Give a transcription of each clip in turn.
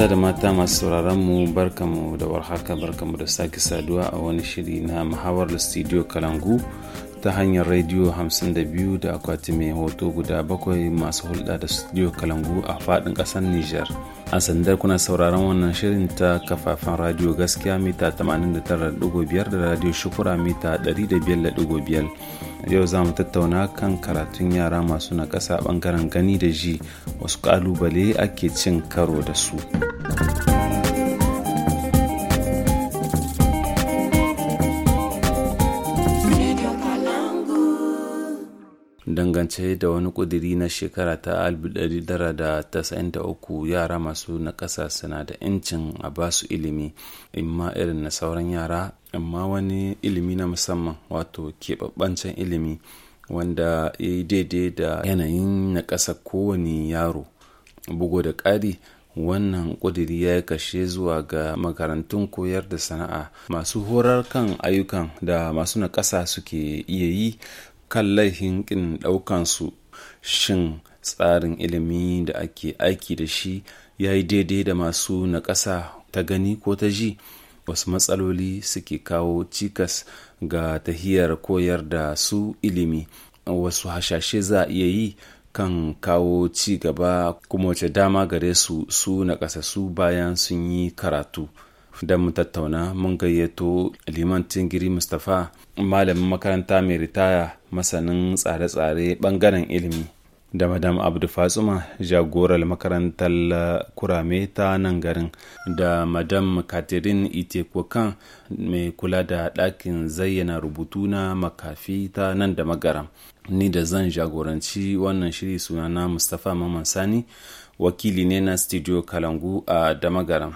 maza da mata masu sauraron mu barkamu da warhaka barkamu da sake saduwa a wani shiri na muhawarar studio kalangu ta hanyar rediyo 52 da akwati mai hoto guda bakwai masu hulɗa da studio kalangu a faɗin ƙasar niger a sandar kuna sauraron wannan shirin ta kafafen radio gaskiya mita 89.5 da radio shukura mita 105.5 yau za mu tattauna kan karatun yara masu na ƙasa ɓangaren gani da ji wasu ƙalubale ake cin karo da su. dangance da wani ƙudiri na shekara ta 1993 yara masu naƙasa suna da 'yancin a basu ilimi imma irin na sauran yara amma wani ilimi na musamman wato keɓaɓɓancen ilimi wanda ya yi daidai da yanayin na ƙasa kowane yaro bugu da ƙari wannan ƙudiri ya yi kashe zuwa ga makarantun koyar da sana'a masu horar kan ayyukan da masu na ƙasa suke iya yi kan laihin ƙin ɗaukansu shin tsarin ilimi da ake aiki da shi ya yi daidai da masu na ƙasa ta gani ko ta ji wasu matsaloli suke kawo cikas ga tahiyar koyar da su ilimi wasu hashashe za a iya yi kan kawo ci gaba kuma wace dama gare su su na bayan sun yi karatu da mu tattauna mun gayyato liman tingiri mustapha malamin makaranta mai ritaya masanin tsare-tsare bangaren ilimi da madam abdu fatsuma jagorar makarantar kurame ta nan garin da madam catherine itekokan mai kula da ɗakin zayyana rubutu na makafi ta nan da magaram ni da zan jagoranci wannan shiri sunana mustapha maman sani wakili ne na studio kalangu a damagaram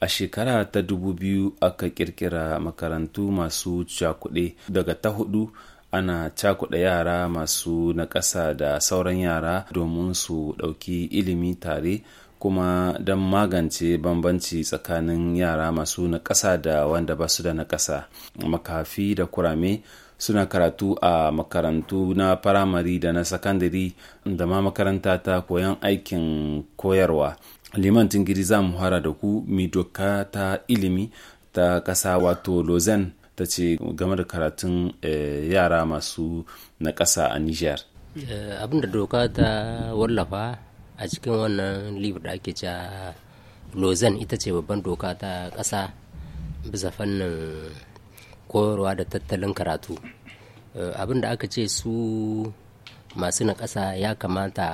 a shekara ta dubu biyu aka kirkira makarantu masu cakuɗe daga ta hudu ana cakuɗe yara masu na ƙasa da sauran yara domin su ɗauki ilimi tare kuma don magance bambanci tsakanin yara masu na ƙasa da wanda ba su da ƙasa. makafi da kurame suna karatu a makarantu na firamare da na sakandare da ma makaranta ta koyon aikin koyarwa liman tingiri za mu hara da ku mi doka ta ilimi ta kasa wato lozen ta ce game da karatun eh, yara masu na kasa a niger eh, abin da doka ta wallafa a cikin wannan libra da ake ca lozen ita ce babban doka ta kasa bisa fannin koyarwa da tattalin karatu eh, abin da aka ce su masu na kasa ya kamata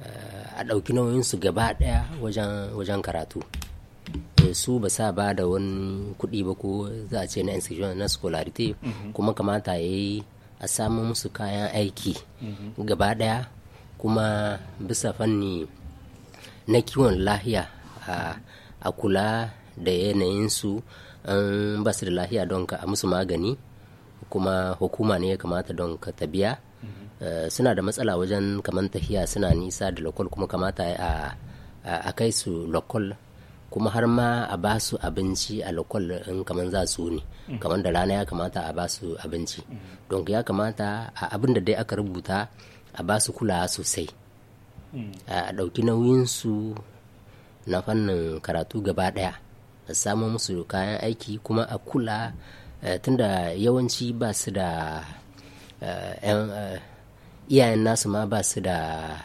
Eh, a ɗauki nauyinsu gaba ɗaya wajen karatu eh, su ba sa ba da wani kuɗi ba ko za a ce na institution na scolarity mhm. kuma kamata ya yi a samu musu kayan aiki mhm. gaba ɗaya kuma bisa fanni na kiwon lahiya a kula da yanayinsu an ba su da lahiya don ka a musu magani kuma hukuma ne ya kamata don ka ta biya Eh, suna da matsala wajen kamar tafiya suna nisa da lokal kuma kamata a kai su lokal kuma har ma a ba su abinci a lokal in kamar za su ne mm. kamar da rana ya kamata a ba su abinci mm. don ya kamata a abin da dai aka rubuta a ba su kula sosai mm. a ɗauki nauyinsu na fannin karatu gaba ɗaya a samu musu kayan aiki kuma a kula eh, tunda yawanci ba su da Eh, eh, iyayen nasu ma ba su da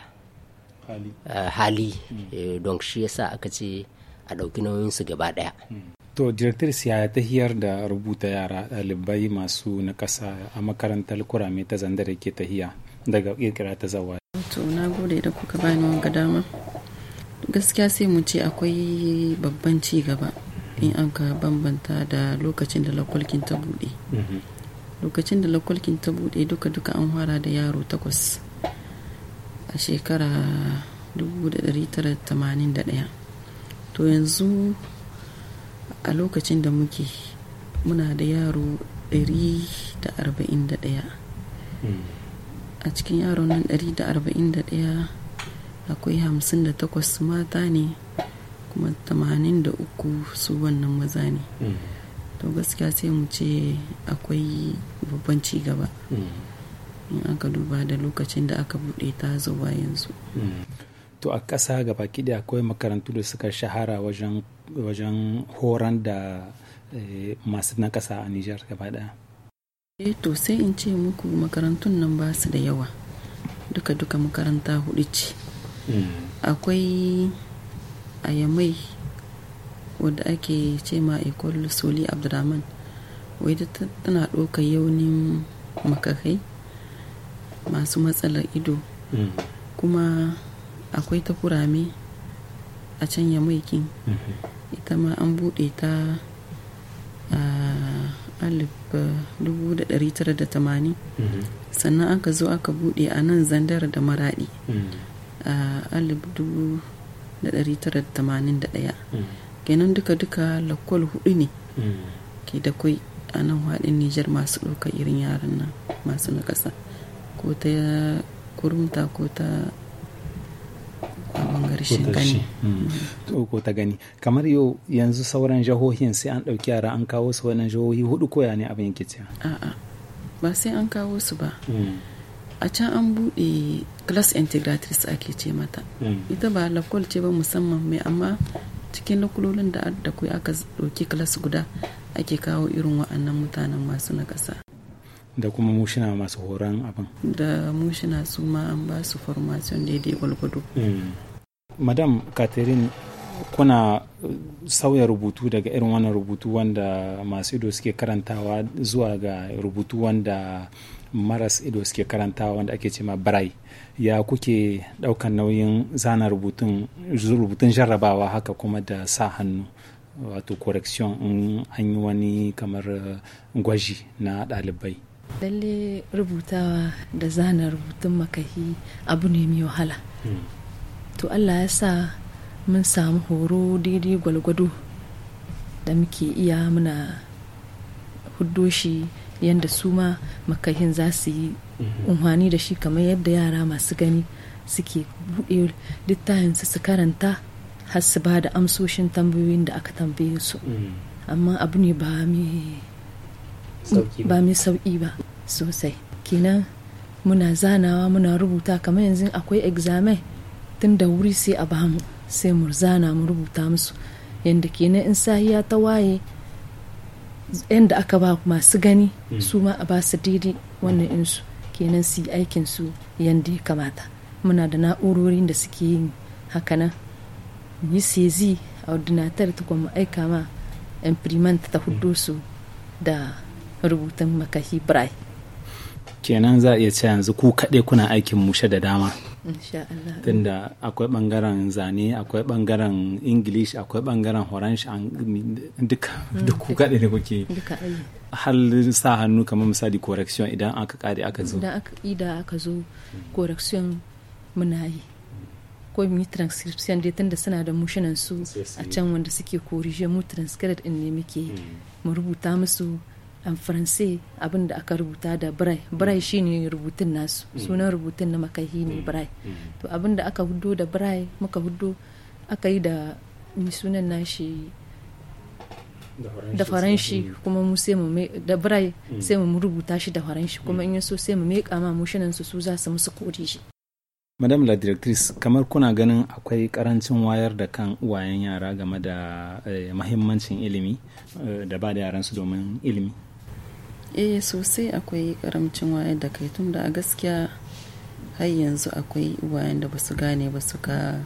hali eh, hmm. don shi yasa aka ce a ɗauki nauyinsu gaba ɗaya hmm. to director ya ta hiyar da rubuta yara ɗalibai masu na ƙasa a makarantar kurame ta zanda da ke hiya daga kirkira ta zawa to na gode da kuka bani wanga dama gaskiya sai mu ce akwai babban ci gaba in an ka bambanta da lokacin da lakwalkin ta buɗe mhm. lokacin da lakwalkin ta bude duka duka an fara da yaro takwas a shekara 1981 to yanzu a lokacin da muke muna da yaro 141 a cikin yaro nan 141 akwai 58 mata ne kuma 83 su wannan maza ne to gaskiya sai mu ce akwai babban ci gaba mm. in aka duba da lokacin da aka buɗe ta zuwa yanzu mm. to a ƙasa gaba da akwai makarantu da suka shahara wajen horan da eh, masu na ƙasa a nijar gaba ɗaya eh to sai in ce muku makarantun nan ba su da yawa duka-duka makaranta hudu ce mm. akwai a yamai wadda ake ce ma ikol soli abdurrahman da tana ɗauka yaunin makakai masu matsalar ido mm. kuma akwai ta kurame a can maikin mm-hmm. ita ma an buɗe ta a 1980 mm-hmm. sannan aka zo aka buɗe a nan zandar da maraɗi mm. a alif 1981 kenan duka-duka lakwal hudu ne hmm. ke da kwai a nan haɗin nijar masu ɗaukar irin yaran nan masu na ƙasa ko ta kurumta ko ta hmm. Hmm. ko ta gani kamar yau yanzu sauran jihohin sai an ɗauki yara an kawo su wannan jihohi hudu koya ne abin yake a'a ba sai an kawo su ba a can an buɗe class integratrice ake ce mata ita ba lakwal ce ba musamman mai amma cikin lokulolin da da kuwa aka ɗauki klas guda ake kawo irin wa'annan mutanen masu na ƙasa da kuma mushina masu horon abin da mushina su ma an ba su formation daidai gwalgwado mm. madam catherine kuna sauya rubutu daga irin wannan rubutu wanda masu ido suke karantawa zuwa ga rubutu wanda maras ido suke karanta wanda ake cema brai ya kuke daukan nauyin zana rubutun rubutun jarrabawa haka kuma da sa hannu wato correction in an yi wani kamar uh, gwaji na ɗalibai lalle rubutawa da zana rubutun makahi abu ne mai wahala hmm. to allah ya sa mun samu horo daidai gwalgwado da muke iya muna hudoshi. yadda su ma makahin za su yi mhm. Umfani da shi kamar yadda yara masu gani suke buɗe Littafin su karanta har su ba da amsoshin tambayoyin da aka tambaye su mhm. amma abu ne ba mai sauƙi ba sosai kenan muna zanawa muna rubuta kamar yanzu akwai examen tun da wuri sai a bamu sai mu zana mu rubuta musu yadda kenan in sahiya ta waye yadda aka ba masu gani mm. su ma a ba su daidai wannan insu kenan su yi aikin su yadda ya kamata muna da na'urorin da suke yin hakanan yi sezi a ordinatar ta kuma aika ma imprimant ta hudu su da rubutun makahi brai kenan za a iya ce yanzu ku kaɗai kuna aikin mushe da dama tunda akwai bangaren zane akwai bangaren english akwai bangaren horanshi duka duk kuka da kuke hal sa hannu kamar misali correction idan aka kare aka zo idan aka ida aka zo correction muna yi ko mi transcription dai tunda suna da mushinan su a can wanda suke corrige mu transcribe din ne muke hmm. mu rubuta musu an abinda abin da aka rubuta da birai brai mm. shine rubutun nasu mm. sunan rubutun na makahi ne mm. birai to abin da aka hudo da birai muka hudo aka yi da sunan nashi da faranshi kuma mu sai mu da birai sai mu rubuta shi da faranshi kuma in yaso sai mu meka ma mushinan su su za su musu kore shi madam la directrice kamar kuna ganin akwai karancin wayar da kan uwayen yara game da eh, mahimmancin ilimi eh, da ba da yaransu domin ilimi eh sosai akwai karamcin waye da kai da a gaskiya har yanzu akwai wayan da basu gane ba su ka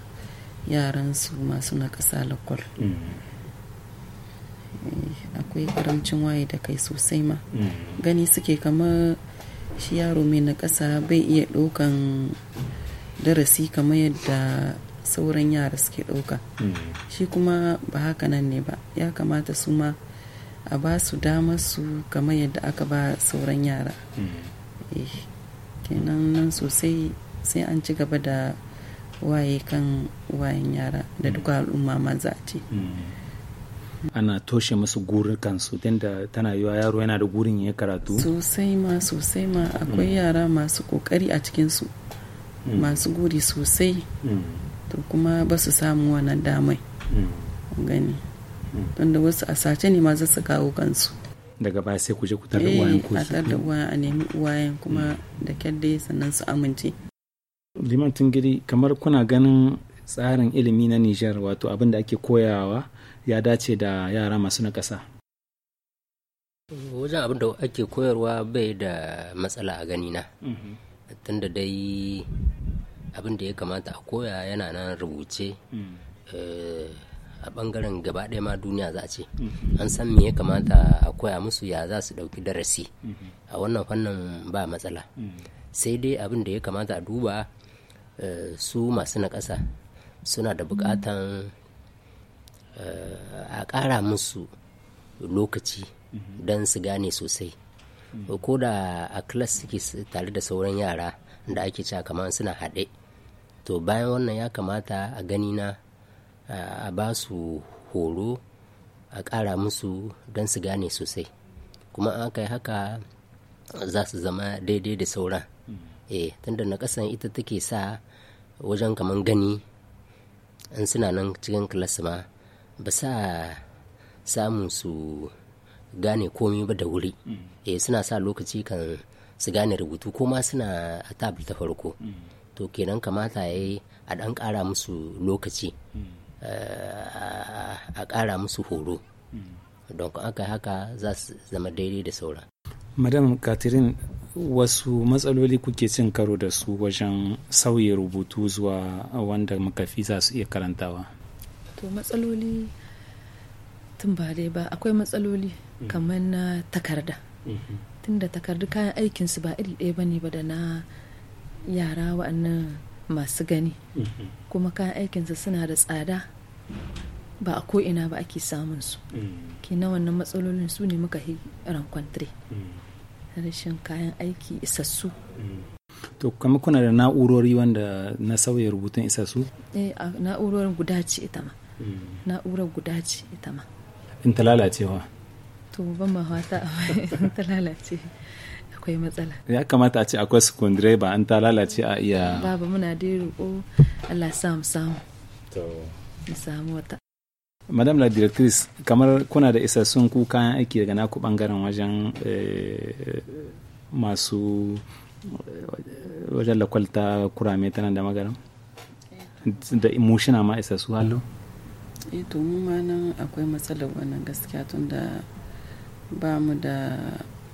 yaransu masu na kasa lakwal eh, akwai karamcin waye da kai sosai ma mm. gani suke kama shi yaro mai na ƙasa bai iya ɗaukan darasi kamar yadda sauran yara suke ɗauka mm. shi kuma ba haka nan ne ba ya kamata su ma a ba su damar su kamar yadda aka ba sauran yara hmm. eh, kenan nan sosai sai an ci gaba da waye kan wayan yara da hmm. duk al'umma maza ce hmm. ana toshe masu gurin kansu tunda tana yiwa yaro yana da gurin ya karatu sosai ma sosai ma akwai yara masu kokari a cikinsu masu guri sosai to kuma ba su samu wannan damai gani don wasu a sace ne ma za su kawo kansu daga baya sai ku je ku tar eh, da uwayen ku a tar da uwayen a nemi uwayen kuma da kyar sannan su amince liman tungiri kamar kuna ganin tsarin ilimi na Nijar wato abin da ake koyawa ya dace da yara masu na ƙasa wajen abin da ake koyarwa bai da matsala a gani ganina mhm. tunda dai abin da ya kamata a koya yana nan rubuce mm. eh, a bangaren gaba ɗaya ma duniya za a ce mm-hmm. an san me ya kamata a koya musu ya za su ɗauki darasi mm-hmm. a wannan fannin ba matsala mm-hmm. sai dai abin da ya kamata a duba eh, su masu na ƙasa suna da buƙatan eh, a ƙara musu lokaci don su gane sosai ko da a class suke tare da sauran yara da ake cewa kamar suna haɗe to bayan wannan ya kamata a gani na a ba su horo a ƙara musu don su gane sosai kuma an yi haka za su zama daidai da sauran mm. eh tunda na ƙasan ita take sa wajen kaman gani in suna nan cikin kilas ma ba sa samun su gane komi ba da wuri mm. eh suna sa lokaci kan su gane rubutu ko ma suna a tabul ta farko mm. to kenan kamata ya yi a ɗan ƙara musu lokaci Eh, a ƙara musu horo don aka haka za su zama daidai da saura. madam catherine wasu matsaloli kuke cin karo da su wajen sauye rubutu zuwa wanda makafi za su iya karantawa to matsaloli tun ba dai ba akwai matsaloli kamar na takarda mhm. tun takardu kayan aikinsu ba iri ɗaya ba ne ba da na yara wa'annan masu gani mhm. kuma kayan aikinsa suna da tsada ba a ko'ina ba ake samun su mhm. kina wannan matsalolin su ne muka yi rankwantre mhm. rashin kayan aiki isassu to kama kuna da na'urori wanda na sauya rubutun isassu? eh na'urori guda ce ita ma na'urar guda ce ita ma in ta lalacewa to ban ma fata in ta lalace akwai matsala ya kamata a ce akwai secondary ba an ta lalace a iya babu muna dai roƙo Allah samu samu to mu samu wata madam la directrice kamar kuna da isassun ku kayan aiki daga naku bangaren wajen eh, masu eh, wajen lakwalta kurame tana da magana da mushina ma isassu hallo eh to mu ma nan akwai matsalar wannan gaskiya tun da ba mu da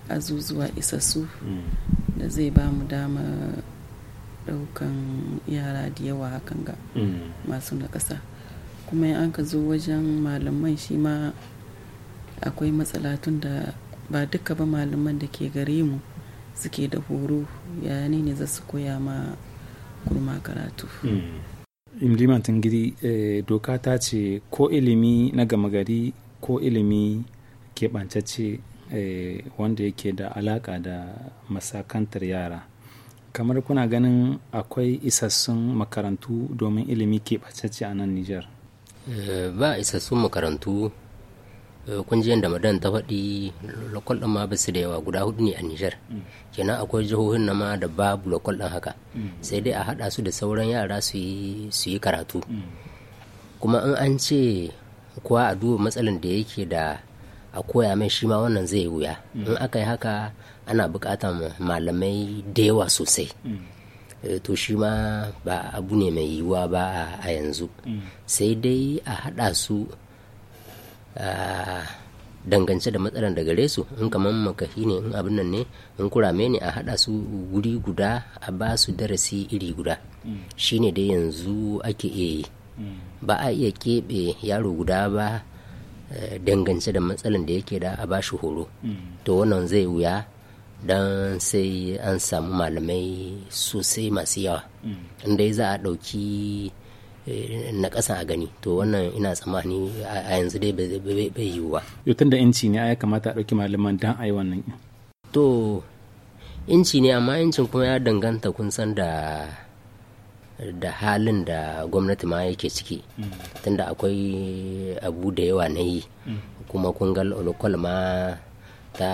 azuzuwa isassu hmm. da zai ba mu dama daukan yara da yawa hakan ga hmm. masu na ƙasa kuma in an ka zo wajen malaman shi ma akwai matsala tun da ba duka ba malaman da ke gare mu suke da horo yayin ne za su koya ma kurma karatu hmm. imliman tangiri eh, doka ta ce ko ilimi na gama gari ko ilimi keɓantacce Eh, wanda yake da alaka da masakantar yara kamar kuna ganin akwai isassun makarantu domin ilimi keɓacacce a nan nijar eh, ba isassun makarantu eh, kun ji yadda madan ta faɗi lokal ɗin ma ba su da yawa guda hudu ne a Nijar mm. kenan akwai jihohin na ma da babu lokal ɗin haka mm. sai dai a haɗa su da sauran yara su yi karatu mm. kuma in an ce kuwa a duba matsalan da yake da a koya mai shi ma wannan zai wuya mm. in aka yi haka ana buƙatar malamai da yawa sosai mm. eh, to shi ma ba abu ne mai yiwuwa ba a yanzu mm. sai dai a haɗa su dangance da matsalar da gare su in kamar makahi ne in abin nan ne in kurame ne a haɗa su wuri guda a ba su darasi iri guda Shi ne dai yanzu ake iya yi ba a iya keɓe yaro guda ba dangance da matsalan da yake da a bashi horo mm. to wannan zai wuya don sai an samu malamai sosai masu yawa mm. inda za a ɗauki eh, na ƙasa a gani to wannan ina tsammani a yanzu dai bai wa yutun da inci ne ya kamata a ɗauki malaman don a yi wannan to inci ne amma incin kuma ya danganta kun san da da halin da gwamnati ma yake ciki tunda akwai abu da yawa na yi kuma kungal olokol ma ta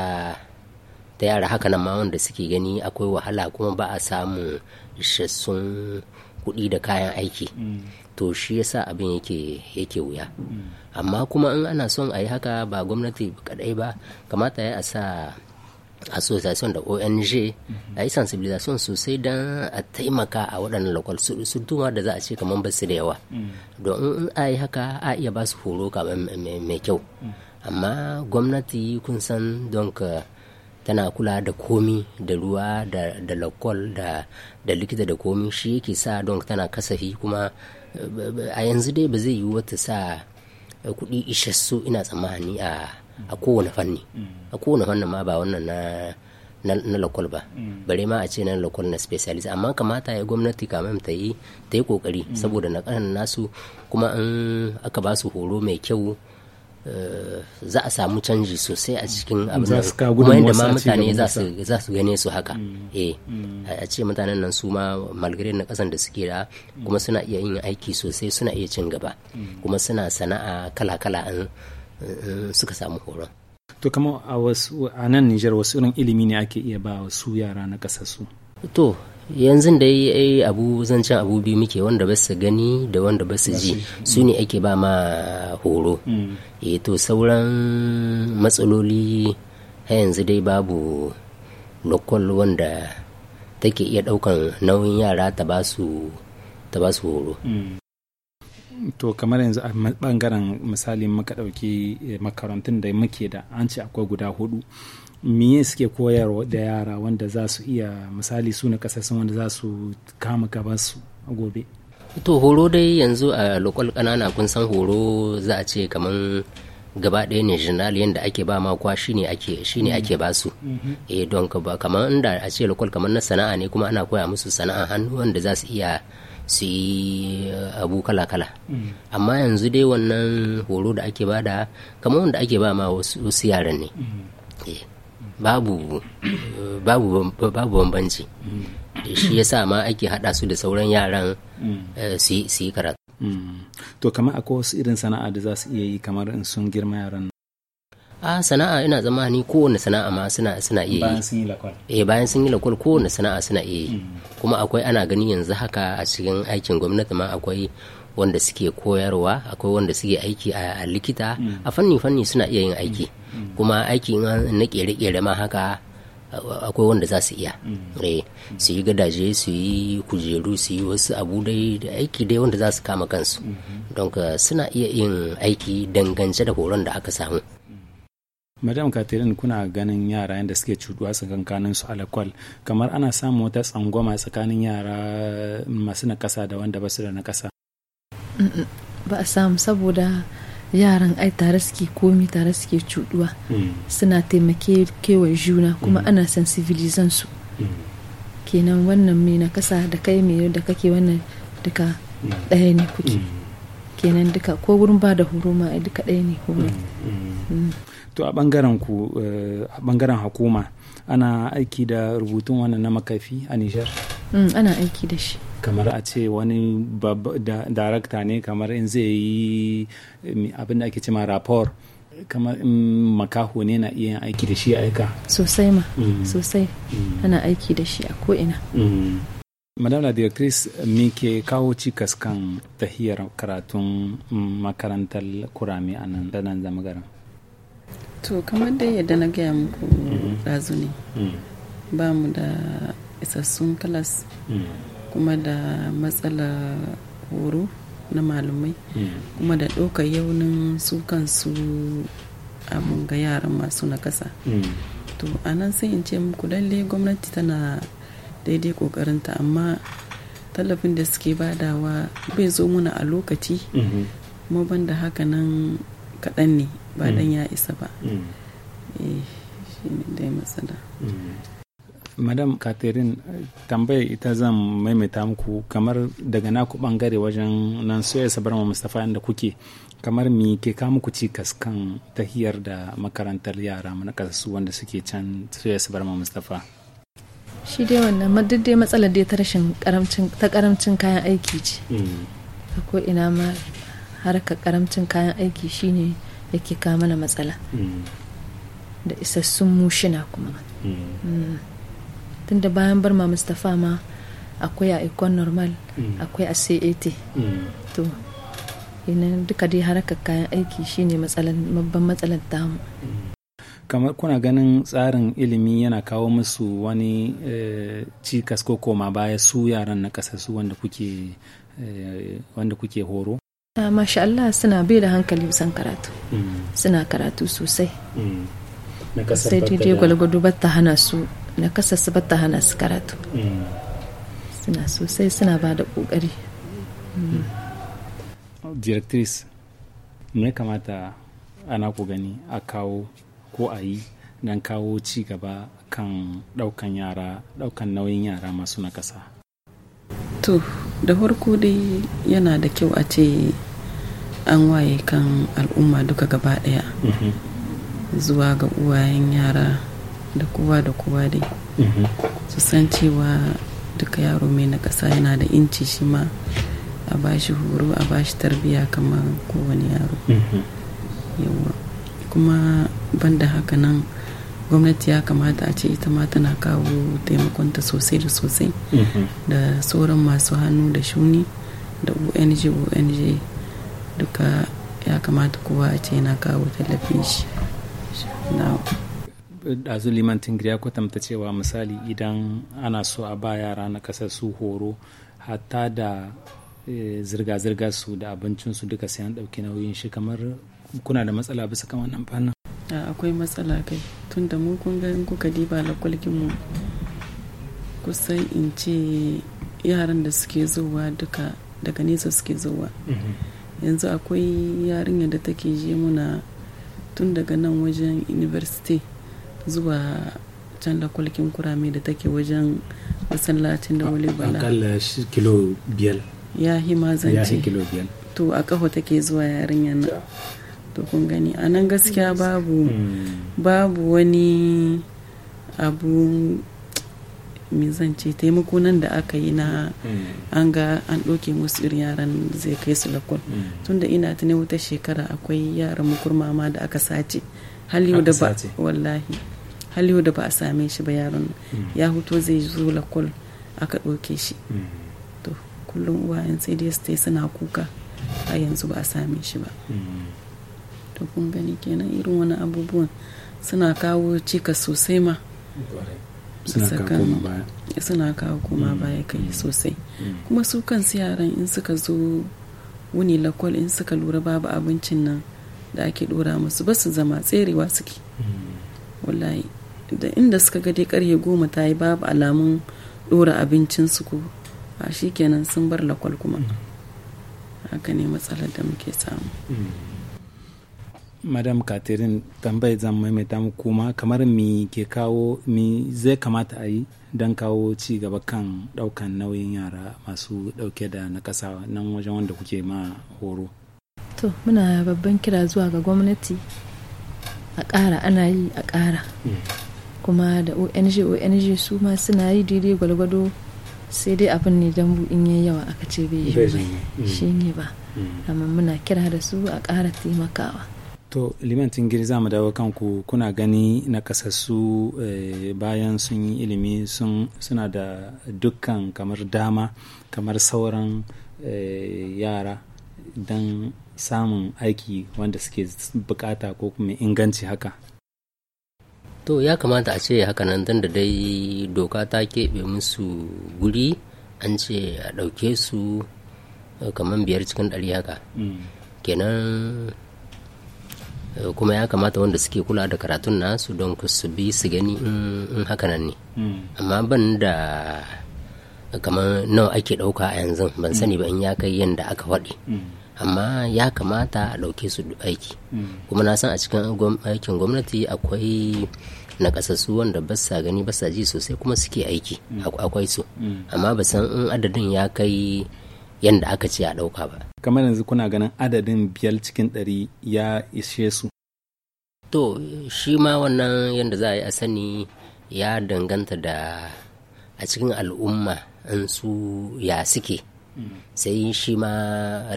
ta yara haka nan ma wanda suke gani akwai wahala kuma ba a samun isassun kuɗi da kayan aiki to shi yasa abin yake yake wuya amma kuma in ana son a yi haka ba gwamnati kadai ba kamata ya a sa association da ong mhm. a yi sensibilisation sosai don a taimaka a waɗannan lokal surtuma da za a ce kamar basu da yawa mm. don in a yi haka a iya ba su horo kamar mai kyau mm. amma gwamnati kun san don ka tana kula da komi da ruwa da lokal da likita da komi shi yake sa don tana kasafi kuma eh, a yanzu dai ba zai yi wata sa eh, kuɗi isassu ina tsammani a a kowane fanni mm. a kowane fannin ma ba wannan na na lokal ba mm. bare ma a ce na lokal na specialist amma kamata ya gwamnati kamar ta yi ta yi kokari mm. saboda na kanan nasu kuma in aka ba su horo mai kyau eh, za a samu canji sosai a cikin abin kuma inda ma mutane za su gane su haka eh a ce mutanen nan su ma malgare na kasan da suke da kuma suna iya yin aiki sosai suna iya cin gaba kuma suna sana'a kala-kala suka samu horon to kamar a wasu a nan Nijar wasu irin ilimi ne ake iya ba su yara na su? to yanzu da yi abu zancen abu biyu muke wanda ba su gani da wanda ba su ji su ne ake ba ma horo e to sauran matsaloli ha yanzu dai babu lokal wanda take iya ɗaukan nauyin yara ta ba su horo mm. to kamar yanzu a bangaren misali muka ɗauki eh, makarantun da muke da an ce akwai guda hudu miye suke koyarwa da yara wanda za su iya misali su na kasashen wanda za su kama a gobe to horo dai yanzu a lokal kanana kun san horo za a ce kamar gaba ɗaya ne jurnal yadda ake ba makwa shine ake shine mm. ake ba su mm-hmm. eh don kamar inda a ce lokal kamar na sana'a ne kuma ana koya musu sana'an hannu wanda za su iya su yi eh, abu kala-kala amma yanzu dai wannan horo da ake bada kamar wanda ake ba ma wasu yaran ne eh, babu bambanci shi ya sa ma ake hada su da sauran yaran eh, su yi karatu hmm. to kamar akwai wasu irin sana'a da za su iya yi kamar in sun girma yaran a sana'a ina tsammani kowane sana'a ma suna suna iya bayan sun yi lakwal eh bayan sun yi lakwal kowane sana'a suna iya yi mm. kuma akwai ana gani yanzu haka a cikin aikin gwamnati ma akwai wanda suke koyarwa akwai wanda suke aiki a likita mm. a fanni fanni suna iya yin aiki mm. kuma aiki na kere-kere ma haka akwai wanda za su iya eh, su yi gadaje su yi kujeru su yi wasu abu dai aiki dai wanda za su kama kansu mm-hmm. don suna iya yin aiki dangance da horon da aka samu madam katerin kuna ganin yara yadda suke cuduwa tsakankanin su alakwal kamar ana samun wata tsangwama tsakanin yara masu na nakasa da wanda basu da na nakasa ba a samu saboda yaran ai tare suke komi tare suke cuduwa mm. suna taimake kewa juna kuma mm. ana sensibilizan su mm. kenan wannan mai na kasa da kai mai da kake wannan duka daya ne kuke kenan duka ko wurin ba da horo ma duka daya ne horo to a bangaren ku eh, a bangaren hukuma ana aiki da rubutun wannan na makafi a Nijar mm, ana aiki da shi kamar a ce wani darakta ne kamar in zai yi abin da ake cewa rapport kamar in makaho ne na iya aiki da shi a aika sosai ma mm. sosai mm. ana aiki da shi a ko'ina madam la directrice me ke kawo cikas kan tahiyar karatun makarantar kurame a nan da nan garin to kamar dai yadda na gaya muku mm-hmm. ɗazu ne mm-hmm. ba mu da isassun kalas mm-hmm. kuma da matsala horo na malumai kuma da ɗaukar yaunin su kansu abun ga yaran masu nakasa to a nan sai in ce muku lalle gwamnati tana daidai kokarinta amma tallafin da suke badawa bai zo muna a lokaci kuma banda haka nan kaɗan ne ba mm. dan ya isa ba mm. eh, shi ne dai matsala mm. madam catherine tambayar ita zan maimaita muku kamar daga naku bangare wajen nan soya sabarma mustapha inda kuke kamar mi ke ka muku cikas kan hiyar da makarantar yara mana wanda suke can soya sabarma mustapha shi dai wannan duk matsalar dai ta rashin ta karamcin kayan aiki ce ko ina ma harkar karamcin kayan aiki shine ya ke kama na matsala hmm. da isassun mushina kuma hmm. Hmm. tunda bayan barma mustapha ma akwai a ikon normal akwai a cat to inan duka dai harkar kayan aiki shine babban matsalar tamu kamar kuna ganin tsarin ilimi yana kawo musu wani eh, cikas ko koma baya su yaran na kasa su wanda kuke eh, horo Ah, masha Allah suna bai da hankali san karatu hmm. suna karatu sosai hmm. sai dai gwalgwado ba ta hana su na kasa su ba ta hana su karatu hmm. suna sosai suna ba da kokari oh, directrice me kamata ana ku gani a kawo ko a yi don kawo ci gaba kan daukan yara daukan nauyin yara masu kasa to da farko dai yana da kyau a ce an waye kan al'umma duka gaba daya mhm. zuwa ga uwayen yara da kowa da kowa dai mhm. su san cewa duka yaro mai na ƙasa yana da inci shi ma a bashi horo a bashi tarbiya kamar kowane yaro mhm. kuma banda haka nan gwamnati ya kamata a ce ita ma tana kawo taimakonta sosai da sosai mhm. da sauran masu hannu da shuni da ong ong duka ya kamata kowa a ce yana kawo tallafin shi ɗazu liman ko kwatanta cewa misali idan ana so a ba yara na kasar su horo hatta da eh, zirga-zirga su da abincinsu duka sai an ɗauki nauyin shi kamar kuna da matsala bisa kan nan fannin akwai matsala kai tun da mu kun in kuka diba mu kusan in ce yaran da suke zuwa duka daga nesa suke zuwa mm-hmm. yanzu akwai yarinya da take je muna tun daga nan wajen university zuwa can lakwalkin kurame da take wajen masallacin da wale bala akalla kilo biyar ya hi mazance to a kaho take zuwa yarinya nan to kun gani a nan gaskiya babu babu wani abu min zan taimako nan da aka yi na an ga an ɗauke musu irin yaran zai kai su lakon tunda ina tuni wata shekara akwai yaran ma da aka sace halliyu da ba wallahi da ba a same shi ba yaron hmm. ya huto zai zo lakol aka ɗauke shi hmm. to kullum uwayen sai dai suna kuka a yanzu ba a same shi ba hmm. da kun gani kenan irin wani abubuwan suna kawo cika sosai ma suna kawo koma baya mm. kai mm. sosai mm. kuma su kansu yaran in suka zo wuni lakwal in suka lura babu abincin nan da ake dora musu ba su zama tserewa suke wallahi da inda suka ga dai karhe goma ta yi babu alamun dora abincinsu ko a kenan sun bar lakwal kuma haka ne matsalar da muke samu madam catherine tambayar zan maimaita mu kuma kamar mi ke kawo mi zai kamata a yi don kawo ci gaba kan daukan nauyin yara masu dauke da na kasa nan wajen wanda kuke ma horo to muna babban kira zuwa ga gwamnati a ƙara ana yi a ƙara hmm. kuma da ong ong su ma suna yi daidai gwalgwado sai dai abin ne dambu in yayi yawa aka ce bai yi hmm. shi ne ba hmm. amma muna kira da su a ƙara taimakawa to limantin tingiri za mu dawo kanku kuna gani na kasassu eh, bayan sun yi ilimi suna da dukkan kamar dama kamar sauran eh, yara don samun aiki wanda suke bukata ko kuma inganci haka to ya kamata a ce hakanan don da dai doka ta keɓe musu guri an ce a ɗauke su eh, kamar biyar cikin ɗari haka mm. kenan Eh, kuma ya kamata wanda suke kula da karatun nasu don su bi su gani in hakanan ne hmm. amma ban da kamar nawa ake ɗauka a yanzu ban hmm. sani ba in ya kai yadda aka faɗi hmm. amma ya kamata a ɗauke su aiki kuma na san a cikin aikin gwamnati akwai nakasassu wanda ba sa gani ba sa ji sosai kuma suke aiki akwai su amma ba san in adadin ya kai yadda aka ce a ɗauka ba kamar yanzu kuna ganin adadin biyar cikin ɗari ya ishe su to shi ma wannan yadda za a yi a sani ya danganta da a cikin al'umma in su ya suke sai shi ma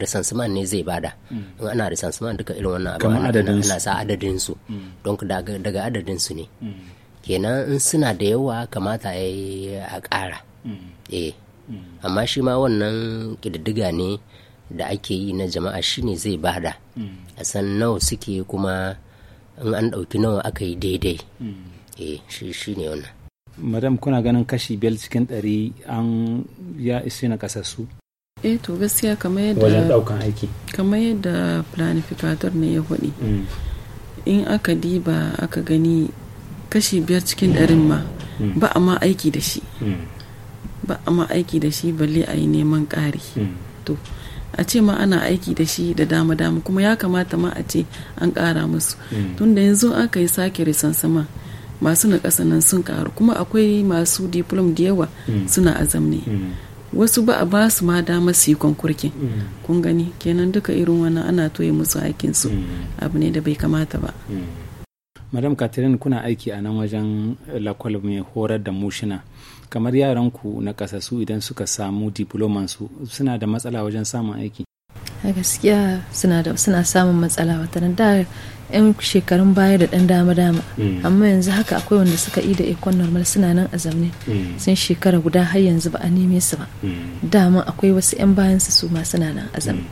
risansiman ne zai bada in ana risansiman duka irin wannan abu ana sa adadin su don daga adadinsu ne kenan in suna da yawa kamata a yi a ƙara mm. eh amma shi ma wannan ƙididdiga ne da ake yi na jama'a shine zai bada mm. a san nawa suke kuma in an ɗauki nawa aka yi daidai mm. eh shi ne wannan madam kuna ganin kashi biyar cikin ɗari an ya isi na kasassu eh to gaskiya kamar yadda wajen ɗaukan aiki kamar yadda planificator ne ya faɗi mm. in aka diba aka gani kashi biyar cikin ɗarin ma ba a ma aiki da shi ba a ma aiki da shi balle a yi neman ƙari to a ce ma ana aiki da shi da dama dama kuma ya kamata ma a ce an ƙara musu mm. tunda yanzu aka yi sake sama masu na nan sun karu kuma akwai masu diplom da yawa mm. suna azamni mm. wasu ba a ba su ma dama su yi konkurkin kun gani kenan duka irin wannan ana toye musu aikinsu abu ne da bai kamata ba madam catherine kuna aiki a nan wajen lakwal mai horar da mushina kamar yaran ku na kasasu idan suka samu diploman su suna da matsala wajen samun aiki a gaskiya suna samun matsala wata da yan shekarun baya da dan dama dama hmm. amma yanzu haka akwai wanda suka ida da ikon normal suna nan a zamne hmm. sun shekara guda har yanzu ba a neme su ba hmm. dama akwai wasu yan bayan su su ma suna nan a zamne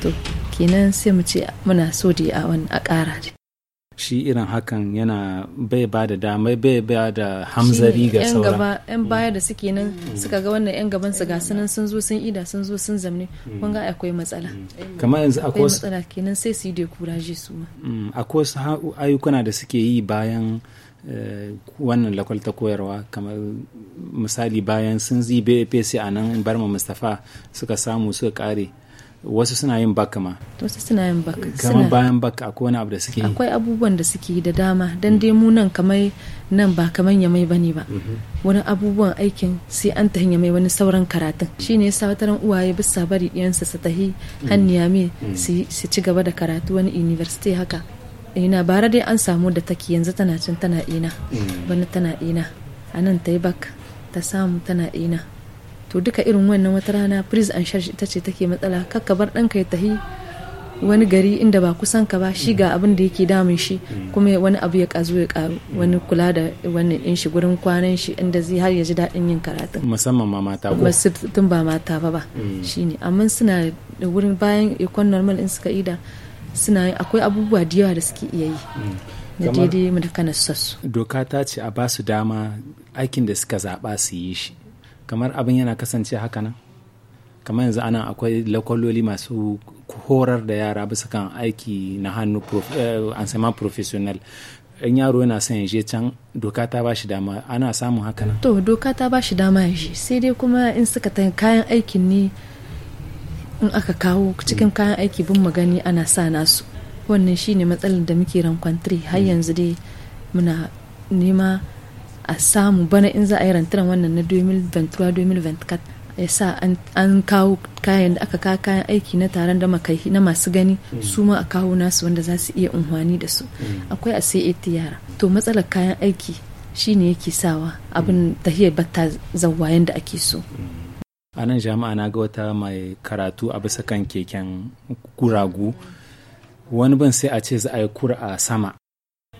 to kenan sai mu ce muna so da a wani ƙara dai shi irin hakan yana bai ba da damai bai ba da hamzari ga sauran yan mm. baya da suke nan mm. suka ga wannan yan gaban su ga sunan sun zo sun ida sun zo sun zamne mm. kun ga akwai matsala kamar yanzu akwai matsala kenan sai su yi da kuraje su ma akwai wasu ayyukuna da suke yi bayan eh, wannan lakwal ta koyarwa kamar misali bayan sun zibe pc a nan barma mustafa suka samu suka kare wasu suna yin baka ma wasu suna yin baka kamar bayan baka akwai wani abu da suke yi akwai abubuwan da suke yi da dama dan dai mu nan kamar nan ba kamar yamai bane ba mhm. wani abubuwan aikin sai an ta mai wani sauran karatun mhm. shine yasa wataran uwaye bisa bari diyansa su tahi hanniya mhm. mai su ci gaba da karatu wani university haka ina bara dai an samu da take yanzu tana cin tana ina wani tana ina a nan ta yi baka ta samu tana ina to duka irin wannan wata rana prise and charge ita ce take matsala kakka bar ɗanka ya tahi wani gari inda ba kusan ka ba shi ga abin da yake damun shi kuma wani abu ya kazo ya karu wani kula da wani in shi gurin kwanan shi inda zai har ya ji daɗin yin karatun musamman ma mata ko tun ba mata ba ba mm. shine amma suna da wurin bayan ikon normal in suka ida suna akwai abubuwa da yawa da suke iya yi mm. na daidai mu da kana sassu doka ta ce a ba su dama aikin da suka zaɓa su yi shi kamar abin yana kasance haka nan kamar yanzu ana akwai lakwaloli masu horar da yara bisa kan aiki na hannu eh, ansaman professional in yaro yana son je can doka ta ba shi dama ana samun haka nan to doka ta ba shi dama ya sai dai kuma in suka ta kayan aikin ne in aka kawo cikin kayan aiki bin magani ana sa nasu wannan shine matsalar da muke rankwantar har mm. yanzu dai muna nema a samu bana in za a yi rantaran wannan na 2023-2024 ya sa an kawo kayan da aka kawo kayan aiki na taron da makaihi na masu gani mm. su ma a kawo nasu wanda za su iya unhwani da su mm. akwai a sai yara to matsalar kayan aiki shi shine yake sawa abin mm. tahiyar batta zawayen da ake so a nan jami'a na ga wata mai karatu a bisa kan keken guragu wani ban sai a ce za a yi kura a sama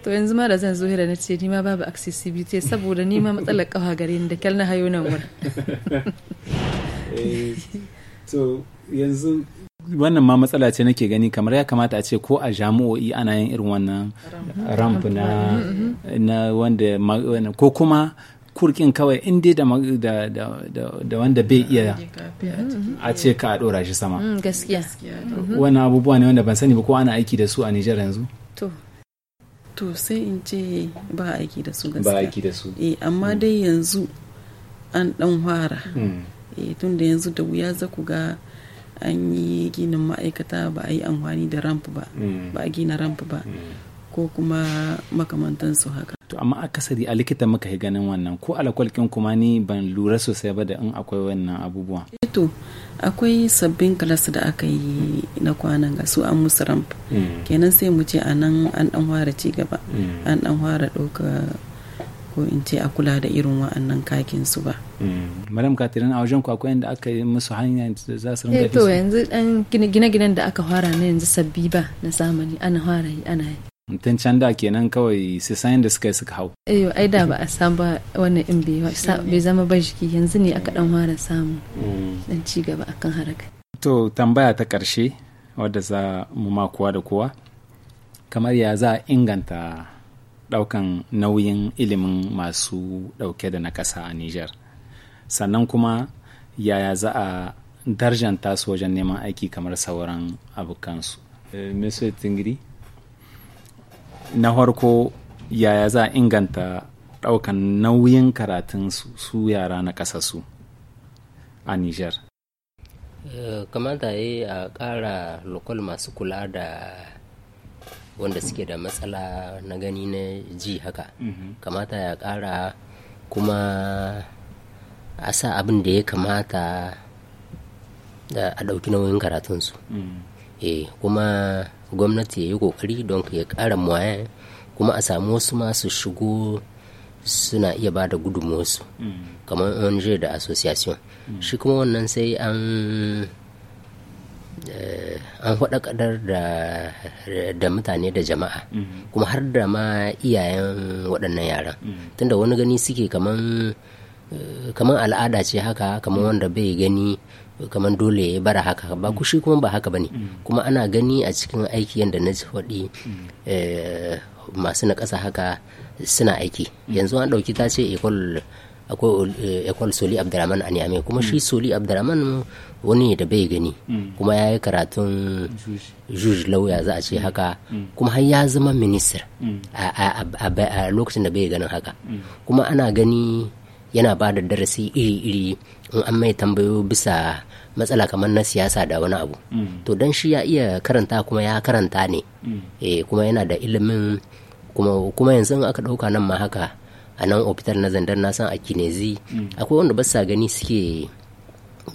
to yanzu ma da zan zo da na ce ni ma babu accessibility saboda ni ma matsalar kawa gare ni da kyal na hayo nan wurin eh, to yanzu wannan ma matsala ce nake gani kamar ya kamata a ce ko a jami'o'i ana yin irin wannan ramp na wanda ko kuma kurkin kawai inda da, wanda bai iya a ce ka dora shi sama mm, gaskiya wani abubuwa ne wanda ban sani ba ko ana aiki da su a Nijar yanzu to sai in ce ba aiki da su gaskiya ba aiki da su eh amma hmm. dai yanzu an dan fara hmm. eh tun da yanzu da wuya za ku ga an yi ginin ma'aikata ba a yi amfani da ramp ba hmm. ba a gina ramp ba ko kuma makamantansu haka amma akasari a likita muka ganin wannan ko alakwalkin kuma ni ban lura sosai ba da in akwai wannan abubuwa eh to akwai sabbin kalas da aka yi na kwanan ga su an musu ramp mm. kenan sai mu ce a nan an dan fara ci gaba mm. an dan fara ɗauka ko in ce a kula da irin wa'annan kakin su ba mm. madam katirin a wajen ku akwai inda aka yi musu hanya da za su rinka eh to yanzu dan gine-ginen da aka fara na yanzu sabbi ba na zamani ana fara yi ana yi mutum can da kenan kawai sai sayan da suka yi suka hau Eyo, eh, ai da ba a san ba wannan in bai zama ba jiki yanzu ne aka dan fara samu dan ci gaba akan haraka to tambaya ta karshe wadda za mu ma kowa da kowa kamar ya za a inganta daukan nauyin ilimin masu dauke da na kasa a Nijar sannan kuma yaya za a darjanta su wajen neman aiki kamar sauran abokansu. Eh, Monsieur Tingiri, na farko yaya za a inganta ɗaukan nauyin karatun su yara na ƙasasu a nijar eh, kamata yi a ƙara lokal masu kula da wanda suke da matsala na gani na ji haka mhm. kamata ya ƙara kuma a sa abin da ya kamata a ɗauki nauyin karatunsu mm. eh kuma gwamnati ya yi kokari don ya kara mwaye kuma a samu wasu masu shigo suna iya ba da gudunmuwarsu kamar ONG da association mm. shi kuma wannan sai an eh, an kadar da mutane da jama'a mm. kuma har da ma iyayen waɗannan yaran mm. tunda wani gani suke eh, kaman al'ada ce haka kaman wanda bai gani kamar dole ya bara haka ba mm. ku shi kuma ba haka bane mm. kuma ana gani a cikin aiki yadda na faɗi mm. eh, masu na ƙasa haka suna aiki yanzu an ɗauki ta ce ecole akwai ekol eh, soli abdulrahman a niamey kuma shi soli abdulrahman wani da bai gani kuma ya yi karatun juj lauya za a ce haka kuma har ya zama minister a lokacin da bai ganin haka kuma ana gani yana ba da darasi iri-iri in an mai tambayo bisa matsala kamar na siyasa da wani abu mm. to don shi ya iya karanta kuma ya karanta ne e, kuma yana da ilimin kuma, yanzu in aka ɗauka nan ma haka a nan ofitar na zandar na san a kinezi mm. akwai wanda ba sa gani suke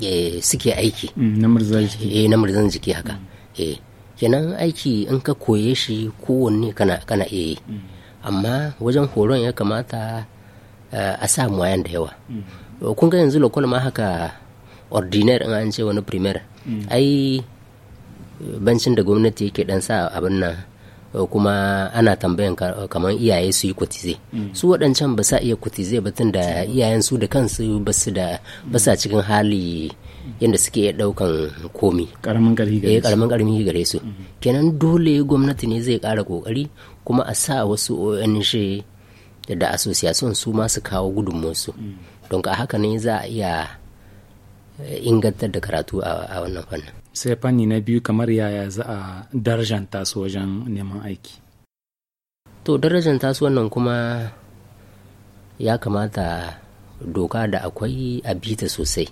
eh, suke aiki eh, na murzan jiki haka e, kenan aiki in ka koye shi kowanne kana kana iya amma wajen horon ya kamata a sa mayan da yawa kun ga yanzu lokuna ma haka ordinaire in an ce wani primaire ai bancin da gwamnati yake dan sa abin nan kuma ana tambayan kamar iyaye su yi kutize su waɗancan ba sa iya kutize ba tun da iyayen su da kansu ba sa cikin hali yadda suke iya ɗaukan komi karamin karmi eh, gare su mhm. kenan dole gwamnati ne zai ƙara ƙoƙari kuma a sa wasu ong da asosiyasun su masu su kawo su mm. don ka haka ne za a iya eh, ingantar da karatu a wannan fannin sai fanni na biyu kamar yaya za a darajanta su wajen neman aiki to darajanta su wannan kuma ya kamata doka da akwai a bita sosai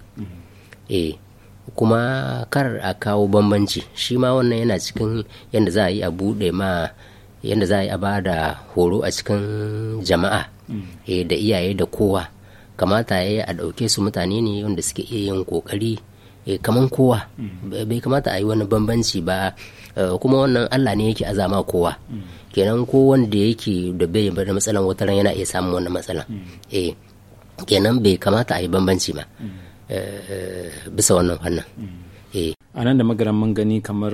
e kuma kar a kawo bambanci shi ma wannan yana cikin yadda za a yi a buɗe ma yadda za a yi a ba da horo a cikin jama'a mm. eh, da iyaye da kowa kamata ya yi a ɗauke su mutane ne wanda suke iya yin ƙoƙari eh, kaman kowa mm. bai kamata a yi wani bambanci ba eh, kuma wannan allah ne yake azama kowa mm. kenan ko wanda yake da bai da matsalan wataran yana iya samun wannan matsalan kenan bai kamata a yi bambanci ba bisa wannan fannin a nan da magaran mun gani kamar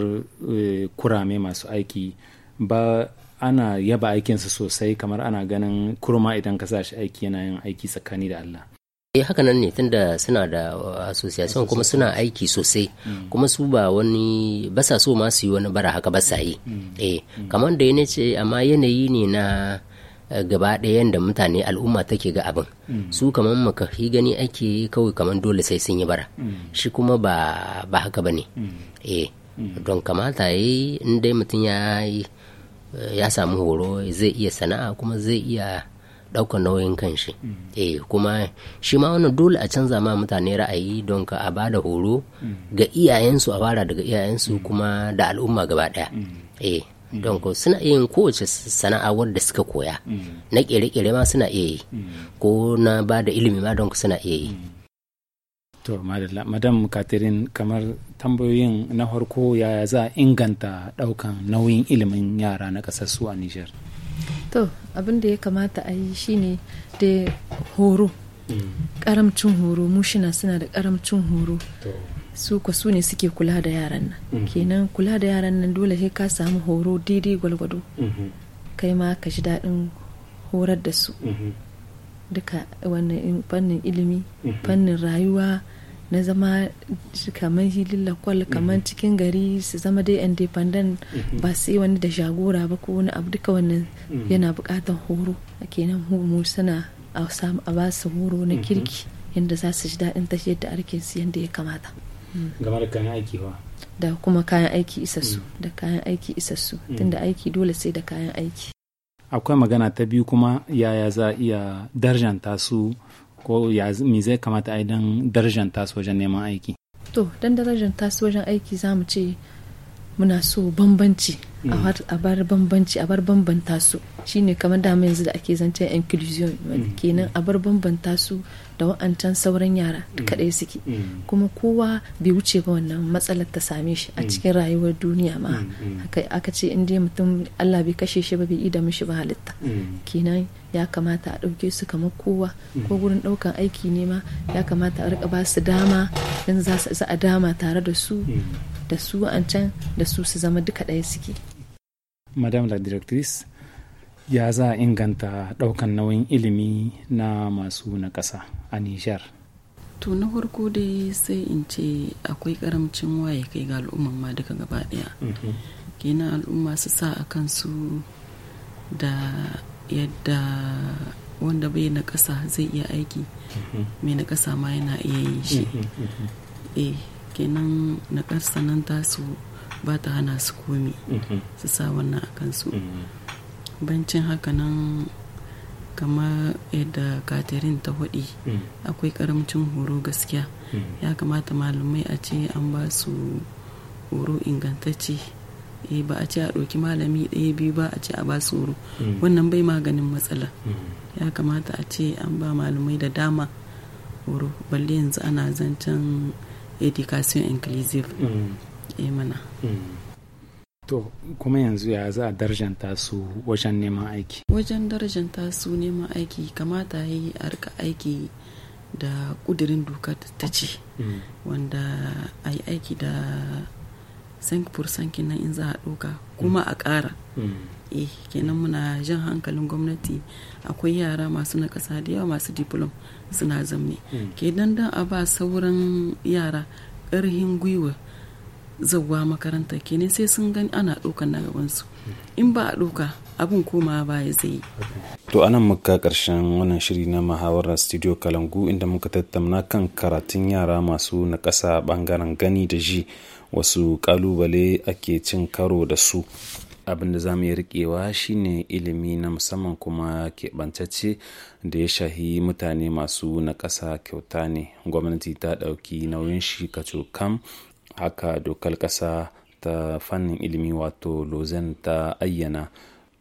kurame masu aiki ba ana yaba aikinsa sosai kamar ana ganin kurma idan ka sa shi aiki yana yin aiki tsakani da Allah eh haka nan ne tunda suna da uh, association kuma suna aiki sosai mm. kuma su ba wani ba sa so ma su yi wani bara haka ba sa yi mm. eh mm. kamar da yana ce amma yanayi ne na eh, gaba ɗaya da mutane al'umma take ga abin su kamar maka yi gani ake kawai kamar dole sai sun yi bara shi kuma ba haka ba ne eh don kamata yi in dai mutum ya yi ya samu horo zai iya sana'a kuma zai iya ɗaukar nauyin kanshi mm. eh kuma shi ma wannan dole a canza ma mutane ra'ayi don ka a bada horo mm. ga iyayensu a fara daga iyayensu mm. kuma da al'umma gaba ɗaya eh don ko suna yin kowace sana'a wadda suka koya na ƙere-ƙere ma suna iya yi ko na bada ilimi ma don suna iya yi to madalla madam katirin kamar tambayoyin na farko ya za a inganta daukan nauyin ilimin yara na kasar su a niger to abin da ya kamata a yi shine da horo karamcin mm. horo mushina suna da karamcin horo su ka su ne suke kula da yaran nan mm-hmm. kenan kula da yaran nan dole sai ka samu horo daidai gwalgwado mm-hmm. kai ma ka ji daɗin horar da su mm-hmm. duka wannan fannin ilimi fannin rayuwa na zama kamar hilin lakwal kamar mhm. cikin gari su zama dai independent mhm. ba sai wani da jagora ba ko wani abu duka wannan mhm. yana bukatar horo a kenan mu suna a samu a basu horo na kirki yadda za su ji daɗin tafiyar da arkin su yadda ya kamata game da kayan aiki wa da kuma kayan aiki isassu da kayan aiki isassu tunda aiki dole sai da kayan aiki akwai magana ta biyu kuma yaya za a iya darjanta su ko ya me zai kamata a yi don darajanta su wajen neman aiki to don darajanta su wajen aiki za mu ce muna so bambanci mm. a bar bambanci a bar bambanta su shine kamar dama yanzu da ake zancen inclusion mm. kenan a bar bambanta su da wa'ancan sauran yara mm. kadai suke kuma kowa bai wuce ba wannan matsalar ta same shi a cikin rayuwar duniya ma aka ce in dai mutum Allah bai kashe shi ba bai ida mishi ba halitta kenan ya kamata a ɗauke su kamar kowa ko gurin ɗaukan aiki ne ma ya kamata a rika ba su dama don za a dama tare da su da su a can da su su zama duka ɗaya suke madam la directrice ya za a inganta ɗaukan nauyin ilimi na masu na ƙasa a nijar to na farko dai sai in ce akwai karamcin waye kai ga al'umma ma duka gaba ɗaya mhm. kenan al'umma su sa a kansu da yadda wanda bai na ƙasa zai iya aiki mhm. mai na ƙasa ma yana iya yin shi mhm, eh, kenan na nan tasu ba ta hana su komi mhm. su sa wannan a kansu mhm. bancin haka nan kamar yadda katerin ta hudi mhm. akwai karamcin horo gaskiya ya kamata malamai a ce an ba su horo ingantacce eh ba a ce a ɗauki malami ɗaya biyu ba a ce a ba su horo wannan bai maganin matsala ya kamata a ce an ba malamai da dama horo balle yanzu ana zancen education inclusive mm. eh mana mm. to kuma yanzu ya za a darjanta su wajen neman aiki wajen darjanta su neman aiki kamata ya yi arka aiki da kudirin doka ta ce mm. wanda a yi aiki da 5% kenan in za a ɗoka kuma a ƙara mm. eh kenan muna jan hankalin gwamnati akwai yara masu na ƙasa da yawa masu diplom suna zamne mm. ke dan a ba sauran yara ƙarhin gwiwa zawa makaranta kenan sai sun gani ana ɗaukan na gabansu mm. in ba a ɗauka abin koma baya zai to anan muka karshen wannan shiri na muhawarar studio kalangu inda muka tattauna kan karatun yara masu na ƙasa ɓangaren gani da ji wasu kalubale ake cin karo da su abin da za mu yi rikewa shine ilimi na musamman kuma keɓantacce da ya shahi mutane masu na ƙasa kyauta ne gwamnati ta ɗauki nauyin shi kacokam haka dokar ƙasa ta fannin ilimi wato lozen ta ayyana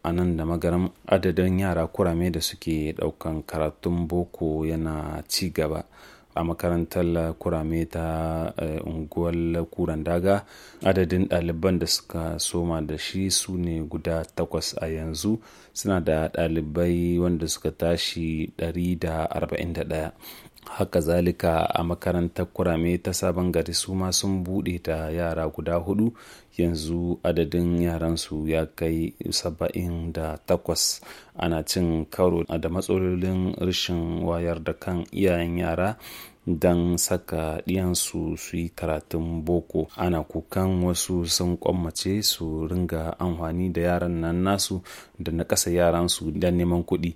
a nan da magaram adadin yara kurame da suke ɗaukan karatun boko yana ci gaba a makarantar kurame ta eh, unguwar kuran daga adadin ɗaliban da suka soma da shi su ne guda takwas a yanzu suna da ɗalibai wanda suka tashi 141 haka zalika a makarantar kurame ta sabon gari su ma sun bude ta yara guda hudu yanzu adadin yaransu ya kai saba'in da takwas ana cin karo da matsalolin rashin wayar da kan iyayen yara don saka ɗiyansu su yi karatun boko ana kukan wasu sun kwammace su ringa amfani da yaran nan nasu da na ƙasa yaransu don neman kuɗi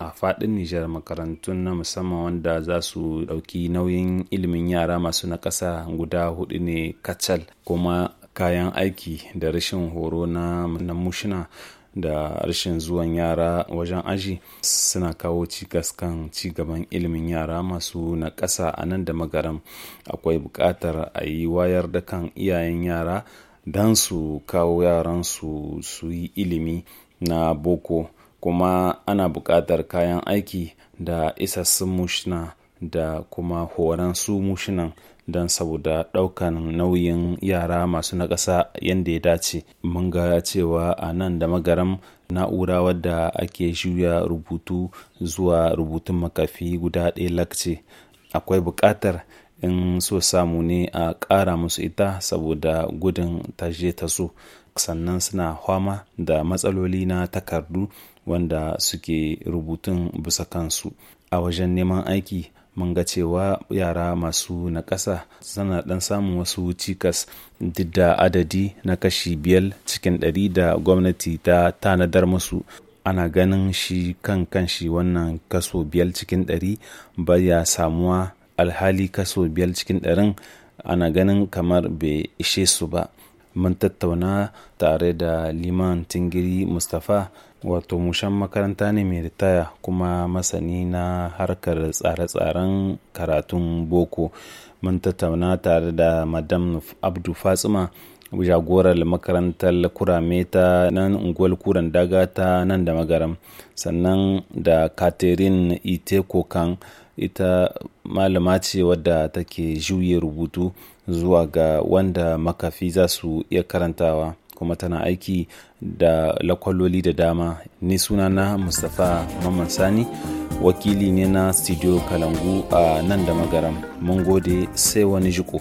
a faɗin Nijar makarantun na musamman wanda za su ɗauki nauyin ilimin yara masu na ƙasa guda hudu ne kacal kuma kayan aiki da rashin horo na mushina da rashin zuwan yara wajen aji suna kawo cikas kan cigaban ilimin yara masu na ƙasa a nan da magaram akwai buƙatar a yi wayar da kan iyayen yara don su kawo yaransu su yi ilimi na boko kuma ana buƙatar kayan aiki da isassun mushina da kuma horan su mushinan don saboda ɗaukan nauyin yara masu naƙasa yadda ya dace mun ga cewa a nan da magaram na'ura wadda ake juya rubutu zuwa rubutun makafi guda ɗaya lakce akwai buƙatar in so samu ne a ƙara musu ita saboda gudun tashe ta so sannan suna hwama da matsaloli na takardu wanda suke rubutun bisa kansu a wajen neman aiki mun ga cewa yara masu naƙasa suna ɗan samun wasu cikas duk da adadi na kashi biyar cikin ɗari da gwamnati ta tanadar musu ana ganin shi kan kanshi wannan kaso biyar cikin ɗari ba ya samuwa alhali kaso biyar cikin ɗarin ana ganin kamar bai ishe su ba mun tattauna tare da liman tingiri mustapha wato mushan makaranta ne mai ritaya kuma masani na harkar tsare-tsaren karatun boko mun tattauna tare da madam abdu fatsima jagorar makarantar kurame ta nan unguwar kuran daga ta nan da magaram sannan da catherine iteko kan ita malama ce wadda take juye rubutu zuwa ga wanda makafi za su iya karantawa kuma tana aiki da lakwaloli da dama ni suna na mustapha mamman sani wakili ne na studio kalangu a nan da magaram mun gode sai wani jiko